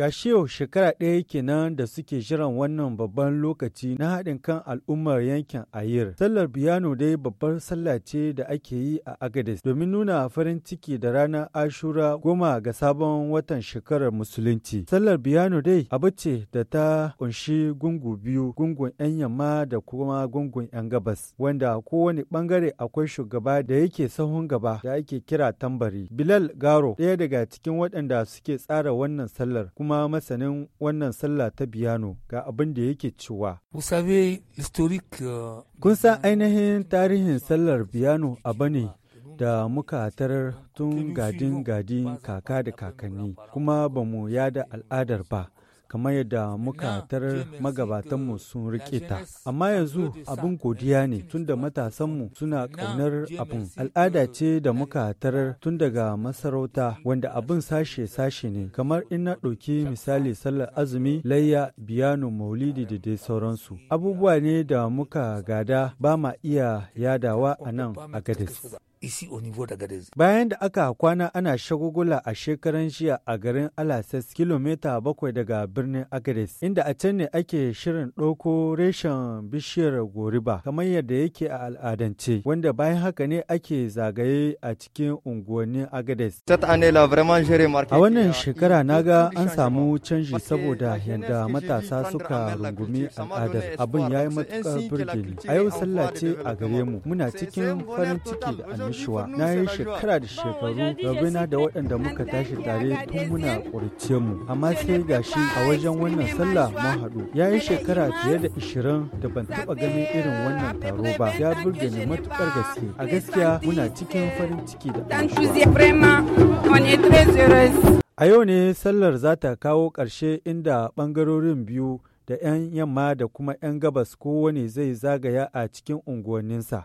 Gashi yau shekara ɗaya kenan da suke jiran wannan babban lokaci na haɗin kan al'ummar yankin Ayir. Sallar biyano dai babbar sallah ce da ake yi a Agades domin nuna farin ciki da ranar Ashura goma ga sabon watan shekarar Musulunci. Sallar biyano dai abu ce da ta kunshi gungu biyu, gungun 'yan yamma da kuma gungun 'yan gabas, wanda kowane bangare akwai shugaba da yake sahun gaba da ake kira tambari. Bilal Garo ɗaya daga cikin waɗanda suke tsara wannan sallar kuma kuma masanin wannan sallah ta biyano ga abin da yake cewa. Euh, Kun san ainihin tarihin sallar biyano a bane da muka tarar tun gadin gadin kaka da kakanni kuma ba mu yada al'adar ba kamar yadda muka tarar magabatanmu sun rike ta amma yanzu abin godiya ne tunda matasanmu suna ƙaunar abin al'ada ce da muka tarar tun daga masarauta wanda abin sashe sashe ne kamar in na ɗauki misali sallar azumi layya biyano maulidi da dai sauransu abubuwa ne da muka gada ba ma iya yadawa a nan a gadis isi onivo da Bayan da aka kwana ana shagugula a shekaran jiya a garin Alases kilomita bakwai daga birnin Agadez, inda a can ne ake shirin ɗauko reshen bishiyar goriba kamar yadda yake a al'adance, wanda bayan haka ne ake zagaye a cikin unguwannin Agadez. A wannan shekara na ga an samu canji saboda yadda matasa suka rungumi al'adar abin ya yi matuƙar birgeni. A yau sallah ce a gare mu muna cikin farin ciki da Joshua na yi shekara da shekaru rabina da waɗanda muka tashi tare tun muna ƙurce mu amma sai gashi a wajen wannan sallah mun haɗu ya yi shekara fiye da ishirin da ban taɓa ganin irin wannan taro ba ya burge ni matuƙar gaske a gaskiya muna cikin farin ciki da a yau ne sallar za ta kawo ƙarshe inda ɓangarorin biyu da 'yan yamma da kuma 'yan gabas kowane zai zagaya a cikin unguwanninsa.